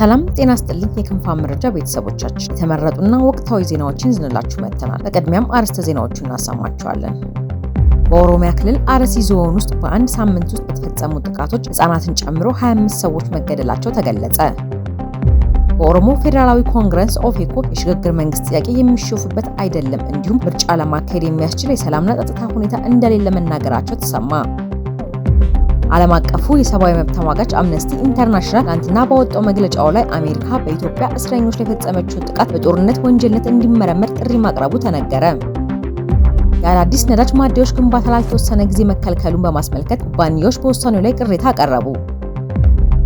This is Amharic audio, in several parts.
ሰላም ጤና ስጥልኝ። የክንፋ መረጃ ቤተሰቦቻችን የተመረጡና ወቅታዊ ዜናዎችን ዝንላችሁ መጥተናል። በቅድሚያም አርዕስተ ዜናዎቹን እናሰማችኋለን። በኦሮሚያ ክልል አርሲ ዞን ውስጥ በአንድ ሳምንት ውስጥ በተፈጸሙ ጥቃቶች ህጻናትን ጨምሮ 25 ሰዎች መገደላቸው ተገለጸ። በኦሮሞ ፌዴራላዊ ኮንግረስ ኦፌኮ የሽግግር መንግስት ጥያቄ የሚሾፉበት አይደለም፣ እንዲሁም ምርጫ ለማካሄድ የሚያስችል የሰላምና ጸጥታ ሁኔታ እንደሌለ መናገራቸው ተሰማ። ዓለም አቀፉ የሰብአዊ መብት ተሟጋች አምነስቲ ኢንተርናሽናል ትናንትና ባወጣው መግለጫው ላይ አሜሪካ በኢትዮጵያ እስረኞች ላይ የፈጸመችውን ጥቃት በጦርነት ወንጀልነት እንዲመረመር ጥሪ ማቅረቡ ተነገረ። የአዳዲስ ነዳጅ ማደያዎች ግንባታ ላልተወሰነ ጊዜ መከልከሉን በማስመልከት ኩባንያዎች በውሳኔው ላይ ቅሬታ አቀረቡ።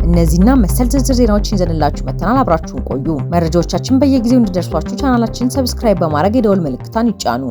እነዚህና መሰል ዝርዝር ዜናዎችን ይዘንላችሁ መተናል። አብራችሁን ቆዩ። መረጃዎቻችን በየጊዜው እንዲደርሷችሁ ቻናላችንን ሰብስክራይብ በማድረግ የደወል ምልክታን ይጫኑ።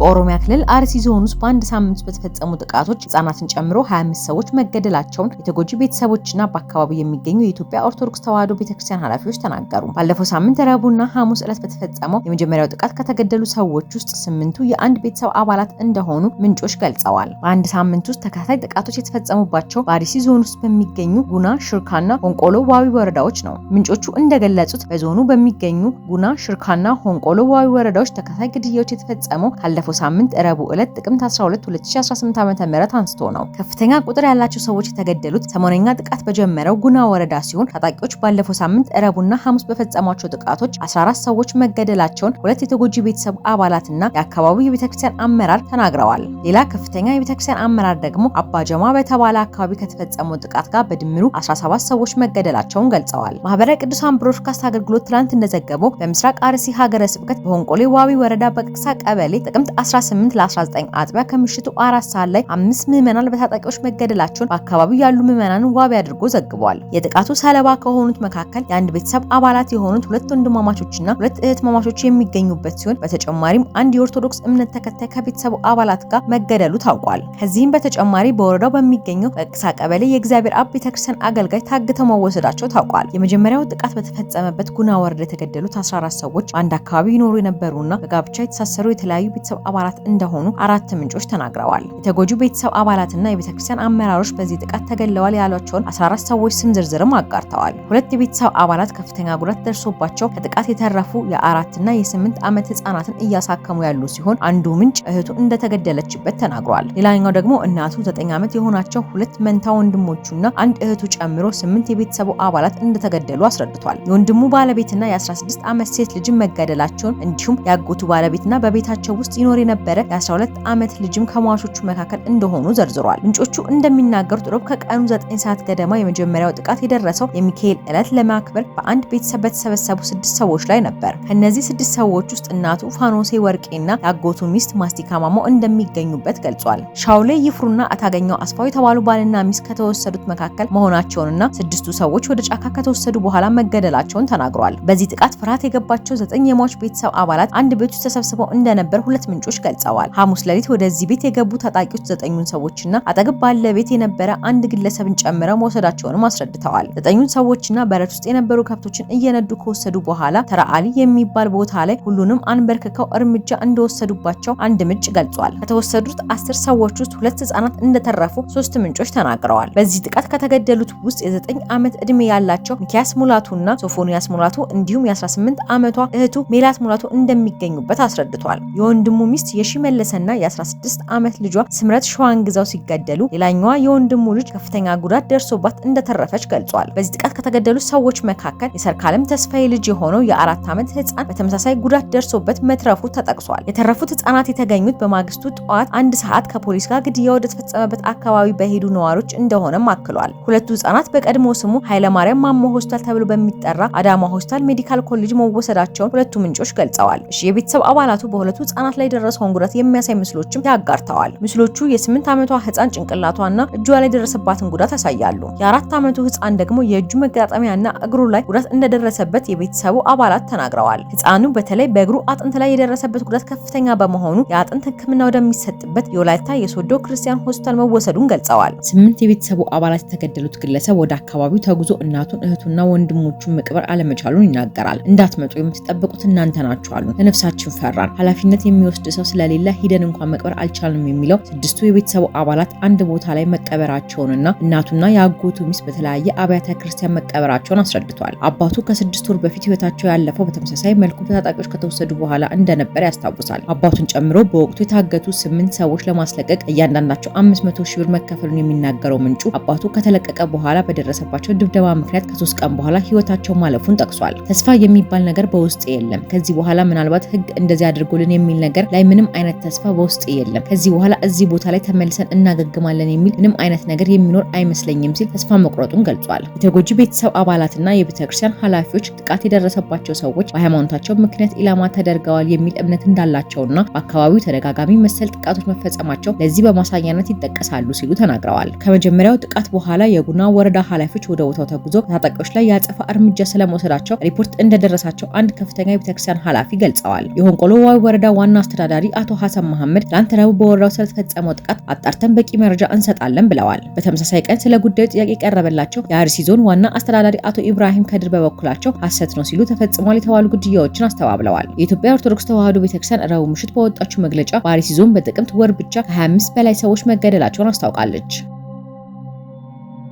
በኦሮሚያ ክልል አርሲ ዞን ውስጥ በአንድ ሳምንት በተፈጸሙ ጥቃቶች ህጻናትን ጨምሮ 25 ሰዎች መገደላቸውን የተጎጂ ቤተሰቦችና በአካባቢው የሚገኙ የኢትዮጵያ ኦርቶዶክስ ተዋሕዶ ቤተክርስቲያን ኃላፊዎች ተናገሩ። ባለፈው ሳምንት ረቡዕና ሐሙስ ዕለት በተፈጸመው የመጀመሪያው ጥቃት ከተገደሉ ሰዎች ውስጥ ስምንቱ የአንድ ቤተሰብ አባላት እንደሆኑ ምንጮች ገልጸዋል። በአንድ ሳምንት ውስጥ ተከታታይ ጥቃቶች የተፈጸሙባቸው በአርሲ ዞን ውስጥ በሚገኙ ጉና፣ ሽርካና ሆንቆሎ ዋዊ ወረዳዎች ነው። ምንጮቹ እንደገለጹት በዞኑ በሚገኙ ጉና፣ ሽርካና ሆንቆሎ ዋዊ ወረዳዎች ተከታታይ ግድያዎች የተፈጸመው ካለፈው ባለፈው ሳምንት ረቡ ዕለት ጥቅምት 12 2018 ዓ.ም አንስቶ ነው። ከፍተኛ ቁጥር ያላቸው ሰዎች የተገደሉት ሰሞነኛ ጥቃት በጀመረው ጉና ወረዳ ሲሆን ታጣቂዎች ባለፈው ሳምንት ረቡና ሐሙስ በፈጸሟቸው ጥቃቶች 14 ሰዎች መገደላቸውን ሁለት የተጎጂ ቤተሰብ አባላትና የአካባቢው የቤተክርስቲያን አመራር ተናግረዋል። ሌላ ከፍተኛ የቤተክርስቲያን አመራር ደግሞ አባጀማ በተባለ አካባቢ ከተፈጸመው ጥቃት ጋር በድምሩ 17 ሰዎች መገደላቸውን ገልጸዋል። ማህበረ ቅዱሳን ብሮድካስት አገልግሎት ትናንት እንደዘገበው በምስራቅ አርሲ ሀገረ ስብከት በሆንቆሌ ዋቢ ወረዳ በቅቅሳ ቀበሌ ጥቅምት 18 ለ19 አጥቢያ ከምሽቱ አራት ሰዓት ላይ አምስት ምዕመናን በታጣቂዎች መገደላቸውን በአካባቢው ያሉ ምዕመናን ዋቢ አድርጎ ዘግቧል። የጥቃቱ ሰለባ ከሆኑት መካከል የአንድ ቤተሰብ አባላት የሆኑት ሁለት ወንድማማቾችና ሁለት እህትማማቾች የሚገኙበት ሲሆን በተጨማሪም አንድ የኦርቶዶክስ እምነት ተከታይ ከቤተሰቡ አባላት ጋር መገደሉ ታውቋል። ከዚህም በተጨማሪ በወረዳው በሚገኘው በቅሳ ቀበሌ የእግዚአብሔር አብ ቤተክርስቲያን አገልጋይ ታግተው መወሰዳቸው ታውቋል። የመጀመሪያው ጥቃት በተፈጸመበት ጉና ወረዳ የተገደሉት 14 ሰዎች በአንድ አካባቢ ይኖሩ የነበሩና በጋብቻ የተሳሰሩ የተለያዩ ቤተሰብ አባላት እንደሆኑ አራት ምንጮች ተናግረዋል። የተጎጁ ቤተሰብ አባላትና የቤተክርስቲያን አመራሮች በዚህ ጥቃት ተገለዋል ያሏቸውን 14 ሰዎች ስም ዝርዝርም አጋርተዋል። ሁለት የቤተሰብ አባላት ከፍተኛ ጉዳት ደርሶባቸው ከጥቃት የተረፉ የአራትና የስምንት ዓመት ህጻናትን እያሳከሙ ያሉ ሲሆን አንዱ ምንጭ እህቱ እንደተገደለችበት ተናግሯል። ሌላኛው ደግሞ እናቱ ዘጠኝ ዓመት የሆናቸው ሁለት መንታ ወንድሞቹና አንድ እህቱ ጨምሮ ስምንት የቤተሰቡ አባላት እንደተገደሉ አስረድቷል። የወንድሙ ባለቤትና የ16 ዓመት ሴት ልጅ መገደላቸውን እንዲሁም ያጎቱ ባለቤትና በቤታቸው ውስጥ ይኖር የነበረ የ12 ዓመት ልጅም ከሟቾቹ መካከል እንደሆኑ ዘርዝሯል። ምንጮቹ እንደሚናገሩት ሮብ ከቀኑ 9 ሰዓት ገደማ የመጀመሪያው ጥቃት የደረሰው የሚካኤል ዕለት ለማክበር በአንድ ቤተሰብ በተሰበሰቡ ስድስት ሰዎች ላይ ነበር። ከእነዚህ ስድስት ሰዎች ውስጥ እናቱ ፋኖሴ ወርቄና የአጎቱ ሚስት ማስቲካ ማሞ እንደሚገኙበት ገልጿል። ሻውሌ ይፍሩና አታገኘው አስፋው የተባሉ ባልና ሚስት ከተወሰዱት መካከል መሆናቸውንና ስድስቱ ሰዎች ወደ ጫካ ከተወሰዱ በኋላ መገደላቸውን ተናግሯል። በዚህ ጥቃት ፍርሃት የገባቸው ዘጠኝ የሟች ቤተሰብ አባላት አንድ ቤት ውስጥ ተሰብስበው እንደነበር ሁለት ምንጮ ምንጮች ገልጸዋል። ሐሙስ ሌሊት ወደዚህ ቤት የገቡ ታጣቂዎች ዘጠኙን ሰዎችና አጠገብ ባለ ቤት የነበረ አንድ ግለሰብን ጨምረው መውሰዳቸውንም አስረድተዋል። ዘጠኙን ሰዎችና በረት ውስጥ የነበሩ ከብቶችን እየነዱ ከወሰዱ በኋላ ተራአሊ የሚባል ቦታ ላይ ሁሉንም አንበርክከው እርምጃ እንደወሰዱባቸው አንድ ምንጭ ገልጿል። ከተወሰዱት አስር ሰዎች ውስጥ ሁለት ህጻናት እንደተረፉ ሶስት ምንጮች ተናግረዋል። በዚህ ጥቃት ከተገደሉት ውስጥ የዘጠኝ ዓመት ዕድሜ ያላቸው ሚኪያስ ሙላቱና ሶፎንያስ ሙላቱ እንዲሁም የ18 ዓመቷ እህቱ ሜላት ሙላቱ እንደሚገኙበት አስረድቷል። የወንድሙ ሚስት የሺመለሰና የ16 ዓመት ልጇ ስምረት ሸዋን ግዛው ሲገደሉ ሌላኛዋ የወንድሙ ልጅ ከፍተኛ ጉዳት ደርሶባት እንደተረፈች ገልጿል። በዚህ ጥቃት ከተገደሉ ሰዎች መካከል የሰርካለም ተስፋዬ ልጅ የሆነው የአራት ዓመት ህፃን በተመሳሳይ ጉዳት ደርሶበት መትረፉ ተጠቅሷል። የተረፉት ህፃናት የተገኙት በማግስቱ ጠዋት አንድ ሰዓት ከፖሊስ ጋር ግድያ ወደ ተፈጸመበት አካባቢ በሄዱ ነዋሪዎች እንደሆነም አክሏል። ሁለቱ ህፃናት በቀድሞ ስሙ ኃይለማርያም ማሞ ሆስፒታል ተብሎ በሚጠራ አዳማ ሆስፒታል ሜዲካል ኮሌጅ መወሰዳቸውን ሁለቱ ምንጮች ገልጸዋል። የቤተሰብ አባላቱ በሁለቱ ህፃናት ላይ የደረሰውን ጉዳት የሚያሳይ ምስሎችም ያጋርተዋል። ምስሎቹ የስምንት ዓመቷ ህፃን ጭንቅላቷና እጇ ላይ የደረሰባትን ጉዳት ያሳያሉ። የአራት ዓመቱ ህፃን ደግሞ የእጁ መገጣጠሚያና እግሩ ላይ ጉዳት እንደደረሰበት የቤተሰቡ አባላት ተናግረዋል። ህፃኑ በተለይ በእግሩ አጥንት ላይ የደረሰበት ጉዳት ከፍተኛ በመሆኑ የአጥንት ሕክምና ወደሚሰጥበት የወላይታ የሶዶ ክርስቲያን ሆስፒታል መወሰዱን ገልጸዋል። ስምንት የቤተሰቡ አባላት የተገደሉት ግለሰብ ወደ አካባቢው ተጉዞ እናቱን እህቱና ወንድሞቹን መቅበር አለመቻሉን ይናገራል። እንዳትመጡ የምትጠብቁት እናንተ ናችኋሉ። ለነፍሳችን ፈራን። ኃላፊነት የሚወስድ ሰው ስለሌለ ሂደን እንኳን መቅበር አልቻልም የሚለው ስድስቱ የቤተሰቡ አባላት አንድ ቦታ ላይ መቀበራቸውንና እናቱና የአጎቱ ሚስት በተለያየ አብያተ ክርስቲያን መቀበራቸውን አስረድቷል። አባቱ ከስድስት ወር በፊት ህይወታቸው ያለፈው በተመሳሳይ መልኩ በታጣቂዎች ከተወሰዱ በኋላ እንደነበር ያስታውሳል። አባቱን ጨምሮ በወቅቱ የታገቱ ስምንት ሰዎች ለማስለቀቅ እያንዳንዳቸው አምስት መቶ ሺህ ብር መከፈሉን የሚናገረው ምንጩ አባቱ ከተለቀቀ በኋላ በደረሰባቸው ድብደባ ምክንያት ከሶስት ቀን በኋላ ህይወታቸው ማለፉን ጠቅሷል። ተስፋ የሚባል ነገር በውስጥ የለም። ከዚህ በኋላ ምናልባት ህግ እንደዚህ አድርጎልን የሚል ነገር ላይ ላይ ምንም አይነት ተስፋ በውስጥ የለም። ከዚህ በኋላ እዚህ ቦታ ላይ ተመልሰን እናገግማለን የሚል ምንም አይነት ነገር የሚኖር አይመስለኝም ሲል ተስፋ መቁረጡን ገልጿል። የተጎጂ ቤተሰብ አባላትና የቤተክርስቲያን ኃላፊዎች ጥቃት የደረሰባቸው ሰዎች በሃይማኖታቸው ምክንያት ኢላማ ተደርገዋል የሚል እምነት እንዳላቸውና በአካባቢው ተደጋጋሚ መሰል ጥቃቶች መፈጸማቸው ለዚህ በማሳያነት ይጠቀሳሉ ሲሉ ተናግረዋል። ከመጀመሪያው ጥቃት በኋላ የጉና ወረዳ ኃላፊዎች ወደ ቦታው ተጉዞ በታጣቂዎች ላይ የአጸፋ እርምጃ ስለመውሰዳቸው ሪፖርት እንደደረሳቸው አንድ ከፍተኛ የቤተክርስቲያን ኃላፊ ገልጸዋል። የሆንቆሎ ዋይ ወረዳ ዋና አስተዳዳሪ አስተዳዳሪ አቶ ሀሰን መሐመድ ትናንት ረቡዕ በወረዳው ስለተፈጸመው ጥቃት አጣርተን በቂ መረጃ እንሰጣለን ብለዋል። በተመሳሳይ ቀን ስለ ጉዳዩ ጥያቄ የቀረበላቸው የአርሲ ዞን ዋና አስተዳዳሪ አቶ ኢብራሂም ከድር በበኩላቸው ሀሰት ነው ሲሉ ተፈጽሟል የተባሉ ግድያዎችን አስተባብለዋል። የኢትዮጵያ ኦርቶዶክስ ተዋሕዶ ቤተክርስቲያን ረቡዕ ምሽት በወጣችው መግለጫ በአርሲ ዞን በጥቅምት ወር ብቻ ከ25 በላይ ሰዎች መገደላቸውን አስታውቃለች።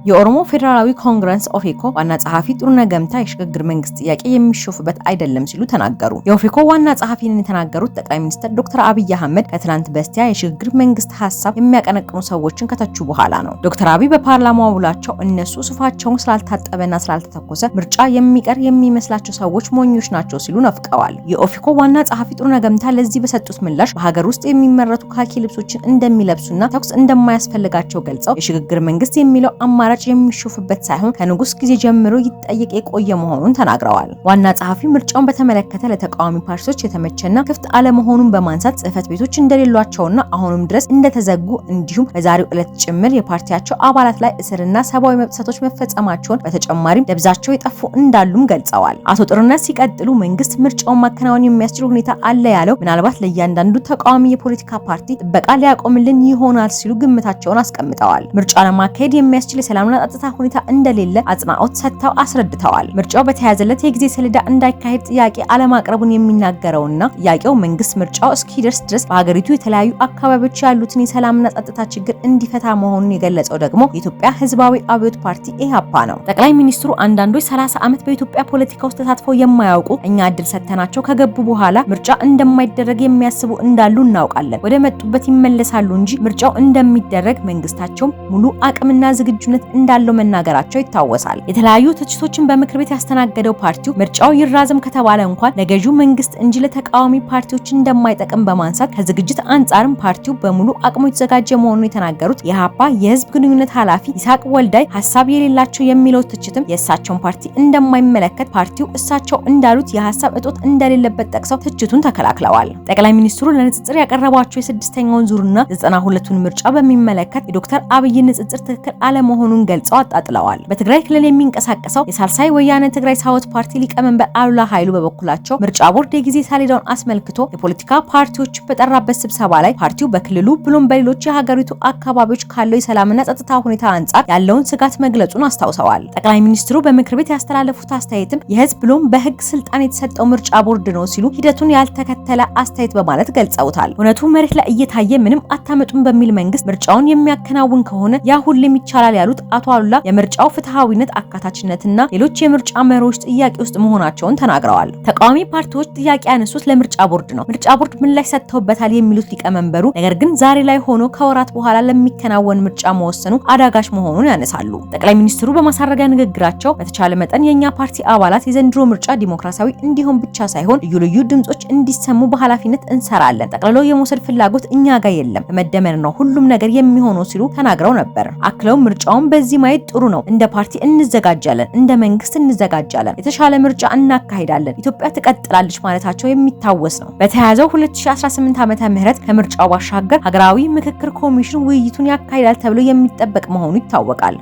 የኦሮሞ ፌዴራላዊ ኮንግረስ ኦፌኮ ዋና ጸሐፊ ጥሩነ ገምታ የሽግግር መንግስት ጥያቄ የሚሾፍበት አይደለም ሲሉ ተናገሩ። የኦፌኮ ዋና ጸሐፊን የተናገሩት ጠቅላይ ሚኒስትር ዶክተር አብይ አህመድ ከትናንት በስቲያ የሽግግር መንግስት ሀሳብ የሚያቀነቅኑ ሰዎችን ከተቹ በኋላ ነው። ዶክተር አብይ በፓርላማ ውሏቸው እነሱ ሱፋቸውን ስላልታጠበና ስላልተተኮሰ ምርጫ የሚቀር የሚመስላቸው ሰዎች ሞኞች ናቸው ሲሉ ነፍቀዋል። የኦፌኮ ዋና ጸሐፊ ጥሩነ ገምታ ለዚህ በሰጡት ምላሽ በሀገር ውስጥ የሚመረቱ ካኪ ልብሶችን እንደሚለብሱና ተኩስ እንደማያስፈልጋቸው ገልጸው የሽግግር መንግስት የሚለው አማራጭ ሽያጭ የሚሾፍበት ሳይሆን ከንጉስ ጊዜ ጀምሮ ይጠየቅ የቆየ መሆኑን ተናግረዋል። ዋና ጸሐፊ ምርጫውን በተመለከተ ለተቃዋሚ ፓርቲዎች የተመቸና ክፍት አለመሆኑን በማንሳት ጽህፈት ቤቶች እንደሌሏቸውና አሁንም ድረስ እንደተዘጉ እንዲሁም በዛሬው ዕለት ጭምር የፓርቲያቸው አባላት ላይ እስርና ሰብአዊ መብሰቶች መፈጸማቸውን በተጨማሪም ደብዛቸው የጠፉ እንዳሉም ገልጸዋል። አቶ ጥሩነት ሲቀጥሉ መንግስት ምርጫውን ማከናወን የሚያስችል ሁኔታ አለ ያለው ምናልባት ለእያንዳንዱ ተቃዋሚ የፖለቲካ ፓርቲ ጥበቃ ሊያቆምልን ይሆናል ሲሉ ግምታቸውን አስቀምጠዋል። ምርጫ ለማካሄድ የሚያስችል ሰላምና ጸጥታ ሁኔታ እንደሌለ አጽንኦት ሰጥተው አስረድተዋል። ምርጫው በተያዘለት የጊዜ ሰሌዳ እንዳይካሄድ ጥያቄ አለማቅረቡን የሚናገረውና ጥያቄው መንግስት ምርጫው እስኪደርስ ድረስ በሀገሪቱ የተለያዩ አካባቢዎች ያሉትን የሰላምና ጸጥታ ችግር እንዲፈታ መሆኑን የገለጸው ደግሞ የኢትዮጵያ ህዝባዊ አብዮት ፓርቲ ኢህአፓ ነው። ጠቅላይ ሚኒስትሩ አንዳንዶች 30 ዓመት በኢትዮጵያ ፖለቲካ ውስጥ ተሳትፈው የማያውቁ እኛ እድል ሰጥተናቸው ከገቡ በኋላ ምርጫ እንደማይደረግ የሚያስቡ እንዳሉ እናውቃለን። ወደ መጡበት ይመለሳሉ እንጂ ምርጫው እንደሚደረግ መንግስታቸውም ሙሉ አቅምና ዝግጁነት እንዳለው መናገራቸው ይታወሳል። የተለያዩ ትችቶችን በምክር ቤት ያስተናገደው ፓርቲው ምርጫው ይራዘም ከተባለ እንኳን ለገዢው መንግስት እንጂ ለተቃዋሚ ፓርቲዎች እንደማይጠቅም በማንሳት ከዝግጅት አንጻርም ፓርቲው በሙሉ አቅሙ የተዘጋጀ መሆኑን የተናገሩት የሀፓ የህዝብ ግንኙነት ኃላፊ ይስሐቅ ወልዳይ ሀሳብ የሌላቸው የሚለው ትችትም የእሳቸውን ፓርቲ እንደማይመለከት ፓርቲው እሳቸው እንዳሉት የሀሳብ እጦት እንደሌለበት ጠቅሰው ትችቱን ተከላክለዋል። ጠቅላይ ሚኒስትሩ ለንጽጽር ያቀረቧቸው የስድስተኛውን ዙርና ዘጠና ሁለቱን ምርጫ በሚመለከት የዶክተር አብይን ንጽጽር ትክክል አለመሆኑን መሆኑን ገልጸው አጣጥለዋል። በትግራይ ክልል የሚንቀሳቀሰው የሳልሳይ ወያነ ትግራይ ሳወት ፓርቲ ሊቀመንበር አሉላ ኃይሉ በበኩላቸው ምርጫ ቦርድ የጊዜ ሰሌዳውን አስመልክቶ የፖለቲካ ፓርቲዎች በጠራበት ስብሰባ ላይ ፓርቲው በክልሉ ብሎም በሌሎች የሀገሪቱ አካባቢዎች ካለው የሰላምና ጸጥታ ሁኔታ አንጻር ያለውን ስጋት መግለጹን አስታውሰዋል። ጠቅላይ ሚኒስትሩ በምክር ቤት ያስተላለፉት አስተያየትም የህዝብ ብሎም በህግ ስልጣን የተሰጠው ምርጫ ቦርድ ነው ሲሉ ሂደቱን ያልተከተለ አስተያየት በማለት ገልጸውታል። እውነቱ መሬት ላይ እየታየ ምንም አታመጡም በሚል መንግስት ምርጫውን የሚያከናውን ከሆነ ያ ሁሌም ይቻላል ያሉት አቶ አሉላ የምርጫው ፍትሐዊነት፣ አካታችነትና ሌሎች የምርጫ መሪዎች ጥያቄ ውስጥ መሆናቸውን ተናግረዋል። ተቃዋሚ ፓርቲዎች ጥያቄ ያነሱት ለምርጫ ቦርድ ነው። ምርጫ ቦርድ ምላሽ ሰጥተውበታል የሚሉት ሊቀመንበሩ፣ ነገር ግን ዛሬ ላይ ሆኖ ከወራት በኋላ ለሚከናወን ምርጫ መወሰኑ አዳጋች መሆኑን ያነሳሉ። ጠቅላይ ሚኒስትሩ በማሳረጊያ ንግግራቸው በተቻለ መጠን የእኛ ፓርቲ አባላት የዘንድሮ ምርጫ ዲሞክራሲያዊ እንዲሆን ብቻ ሳይሆን ልዩ ልዩ ድምጾች እንዲሰሙ በኃላፊነት እንሰራለን። ጠቅልሎ የመውሰድ ፍላጎት እኛ ጋር የለም። በመደመር ነው ሁሉም ነገር የሚሆነው ሲሉ ተናግረው ነበር። አክለው ምርጫውን በዚህ ማየት ጥሩ ነው። እንደ ፓርቲ እንዘጋጃለን፣ እንደ መንግስት እንዘጋጃለን፣ የተሻለ ምርጫ እናካሂዳለን፣ ኢትዮጵያ ትቀጥላለች ማለታቸው የሚታወስ ነው። በተያያዘው 2018 ዓመተ ምህረት ከምርጫው ባሻገር ሀገራዊ ምክክር ኮሚሽን ውይይቱን ያካሂዳል ተብሎ የሚጠበቅ መሆኑ ይታወቃል።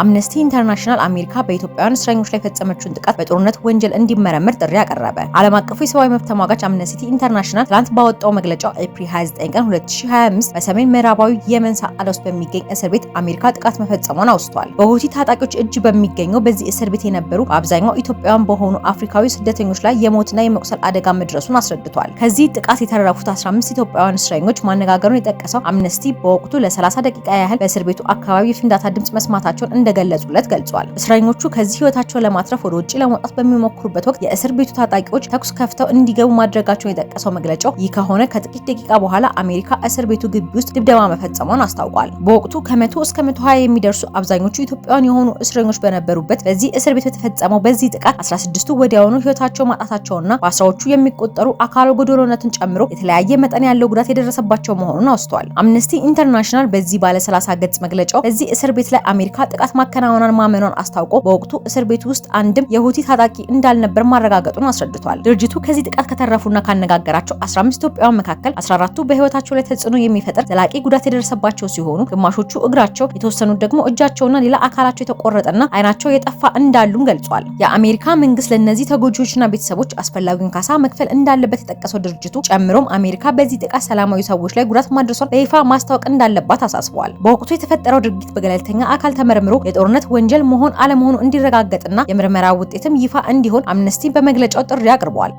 አምነስቲ ኢንተርናሽናል አሜሪካ በኢትዮጵያውያን እስረኞች ላይ የፈጸመችውን ጥቃት በጦርነት ወንጀል እንዲመረምር ጥሪ አቀረበ። ዓለም አቀፉ የሰብአዊ መብት ተሟጋች አምነስቲ ኢንተርናሽናል ትላንት ባወጣው መግለጫ ኤፕሪል 29 ቀን 2025 በሰሜን ምዕራባዊ የመን ሰዓዳ ውስጥ በሚገኝ እስር ቤት አሜሪካ ጥቃት መፈጸሟን አውስቷል። በሁቲ ታጣቂዎች እጅ በሚገኘው በዚህ እስር ቤት የነበሩ በአብዛኛው ኢትዮጵያውያን በሆኑ አፍሪካዊ ስደተኞች ላይ የሞትና የመቁሰል አደጋ መድረሱን አስረድቷል። ከዚህ ጥቃት የተረፉት 15 ኢትዮጵያውያን እስረኞች ማነጋገሩን የጠቀሰው አምነስቲ በወቅቱ ለ30 ደቂቃ ያህል በእስር ቤቱ አካባቢ የፍንዳታ ድምፅ መስማታቸውን እንደ እንደገለጹለት ገልጿል። እስረኞቹ ከዚህ ህይወታቸው ለማትረፍ ወደ ውጭ ለመውጣት በሚሞክሩበት ወቅት የእስር ቤቱ ታጣቂዎች ተኩስ ከፍተው እንዲገቡ ማድረጋቸውን የጠቀሰው መግለጫው ይህ ከሆነ ከጥቂት ደቂቃ በኋላ አሜሪካ እስር ቤቱ ግቢ ውስጥ ድብደባ መፈጸሟን አስታውቋል። በወቅቱ ከመቶ እስከ መቶ ሀያ የሚደርሱ አብዛኞቹ ኢትዮጵያውያን የሆኑ እስረኞች በነበሩበት በዚህ እስር ቤት በተፈጸመው በዚህ ጥቃት 16ቱ ወዲያውኑ ህይወታቸው ማጣታቸውና በአስራዎቹ የሚቆጠሩ አካል ጎዶሎነትን ጨምሮ የተለያየ መጠን ያለው ጉዳት የደረሰባቸው መሆኑን አውስተዋል። አምነስቲ ኢንተርናሽናል በዚህ ባለ 30 ገጽ መግለጫው በዚህ እስር ቤት ላይ አሜሪካ ጥቃት ጥቃት ማከናወኗን ማመኗን አስታውቆ በወቅቱ እስር ቤት ውስጥ አንድም የሁቲ ታጣቂ እንዳልነበር ማረጋገጡን አስረድቷል። ድርጅቱ ከዚህ ጥቃት ከተረፉና ካነጋገራቸው 15 ኢትዮጵያውያን መካከል 14ቱ በህይወታቸው ላይ ተጽዕኖ የሚፈጥር ዘላቂ ጉዳት የደረሰባቸው ሲሆኑ ግማሾቹ እግራቸው፣ የተወሰኑት ደግሞ እጃቸውና ሌላ አካላቸው የተቆረጠና አይናቸው የጠፋ እንዳሉም ገልጿል። የአሜሪካ መንግስት ለእነዚህ ተጎጂዎችና ቤተሰቦች አስፈላጊውን ካሳ መክፈል እንዳለበት የጠቀሰው ድርጅቱ ጨምሮም አሜሪካ በዚህ ጥቃት ሰላማዊ ሰዎች ላይ ጉዳት ማድረሷን በይፋ ማስታወቅ እንዳለባት አሳስቧል። በወቅቱ የተፈጠረው ድርጊት በገለልተኛ አካል ተመርምሮ የጦርነት ወንጀል መሆን አለመሆኑ እንዲረጋገጥና የምርመራ ውጤትም ይፋ እንዲሆን አምነስቲ በመግለጫው ጥሪ አቅርቧል።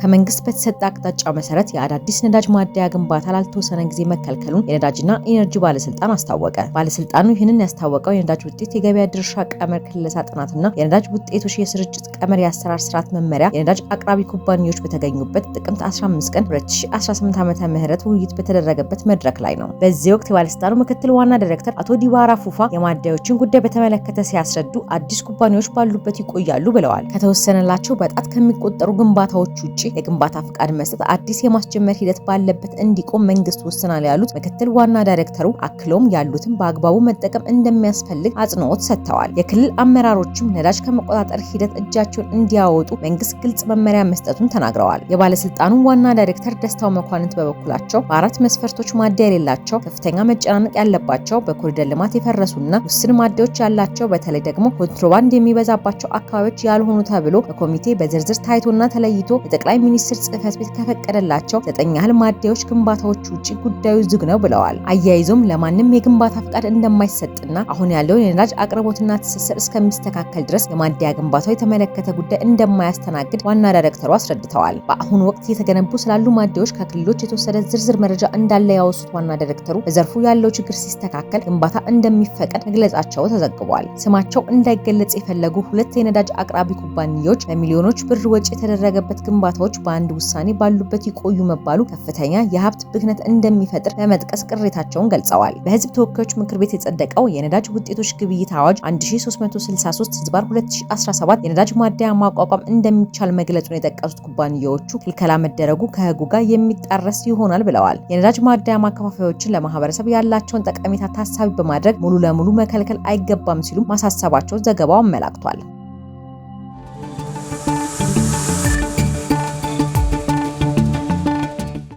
ከመንግስት በተሰጠ አቅጣጫ መሰረት የአዳዲስ ነዳጅ ማደያ ግንባታ ላልተወሰነ ጊዜ መከልከሉን የነዳጅና ኢነርጂ ባለስልጣን አስታወቀ። ባለስልጣኑ ይህንን ያስታወቀው የነዳጅ ውጤት የገበያ ድርሻ ቀመር ክለሳ ጥናትና የነዳጅ ውጤቶች የስርጭት ቀመር የአሰራር ስርዓት መመሪያ የነዳጅ አቅራቢ ኩባንያዎች በተገኙበት ጥቅምት 15 ቀን 2018 ዓ ም ውይይት በተደረገበት መድረክ ላይ ነው። በዚህ ወቅት የባለስልጣኑ ምክትል ዋና ዲሬክተር አቶ ዲባራ ፉፋ የማደያዎችን ጉዳይ በተመለከተ ሲያስረዱ አዲስ ኩባንያዎች ባሉበት ይቆያሉ ብለዋል። ከተወሰነላቸው በጣት ከሚቆጠሩ ግንባታዎች ውጭ የግንባታ ፍቃድ መስጠት አዲስ የማስጀመር ሂደት ባለበት እንዲቆም መንግስት ወስናል ያሉት ምክትል ዋና ዳይሬክተሩ አክለውም ያሉትን በአግባቡ መጠቀም እንደሚያስፈልግ አጽንኦት ሰጥተዋል። የክልል አመራሮችም ነዳጅ ከመቆጣጠር ሂደት እጃቸውን እንዲያወጡ መንግስት ግልጽ መመሪያ መስጠቱን ተናግረዋል። የባለስልጣኑ ዋና ዳይሬክተር ደስታው መኳንንት በበኩላቸው በአራት መስፈርቶች ማደያ የሌላቸው፣ ከፍተኛ መጨናነቅ ያለባቸው፣ በኮሪደር ልማት የፈረሱና ውስን ማደያዎች ያላቸው፣ በተለይ ደግሞ ኮንትሮባንድ የሚበዛባቸው አካባቢዎች ያልሆኑ ተብሎ በኮሚቴ በዝርዝር ታይቶና ተለይቶ የጠቅላይ ጠቅላይ ሚኒስትር ጽህፈት ቤት ከፈቀደላቸው ዘጠኝ ያህል ማደያዎች ግንባታዎች ውጭ ጉዳዩ ዝግ ነው ብለዋል። አያይዞም ለማንም የግንባታ ፍቃድ እንደማይሰጥና አሁን ያለውን የነዳጅ አቅርቦትና ትስስር እስከሚስተካከል ድረስ የማደያ ግንባታው የተመለከተ ጉዳይ እንደማያስተናግድ ዋና ዳይሬክተሩ አስረድተዋል። በአሁኑ ወቅት እየተገነቡ ስላሉ ማደያዎች ከክልሎች የተወሰደ ዝርዝር መረጃ እንዳለ ያወሱት ዋና ዳይሬክተሩ በዘርፉ ያለው ችግር ሲስተካከል ግንባታ እንደሚፈቀድ መግለጻቸው ተዘግቧል። ስማቸው እንዳይገለጽ የፈለጉ ሁለት የነዳጅ አቅራቢ ኩባንያዎች በሚሊዮኖች ብር ወጪ የተደረገበት ግንባታ ግለሰቦች በአንድ ውሳኔ ባሉበት ይቆዩ መባሉ ከፍተኛ የሀብት ብክነት እንደሚፈጥር በመጥቀስ ቅሬታቸውን ገልጸዋል። በህዝብ ተወካዮች ምክር ቤት የጸደቀው የነዳጅ ውጤቶች ግብይት አዋጅ 1363 ህዝባር 2017 የነዳጅ ማደያ ማቋቋም እንደሚቻል መግለጹን የጠቀሱት ኩባንያዎቹ ክልከላ መደረጉ ከህጉ ጋር የሚጣረስ ይሆናል ብለዋል። የነዳጅ ማደያ ማከፋፈያዎችን ለማህበረሰብ ያላቸውን ጠቀሜታ ታሳቢ በማድረግ ሙሉ ለሙሉ መከልከል አይገባም ሲሉ ማሳሰባቸው ዘገባው አመላክቷል።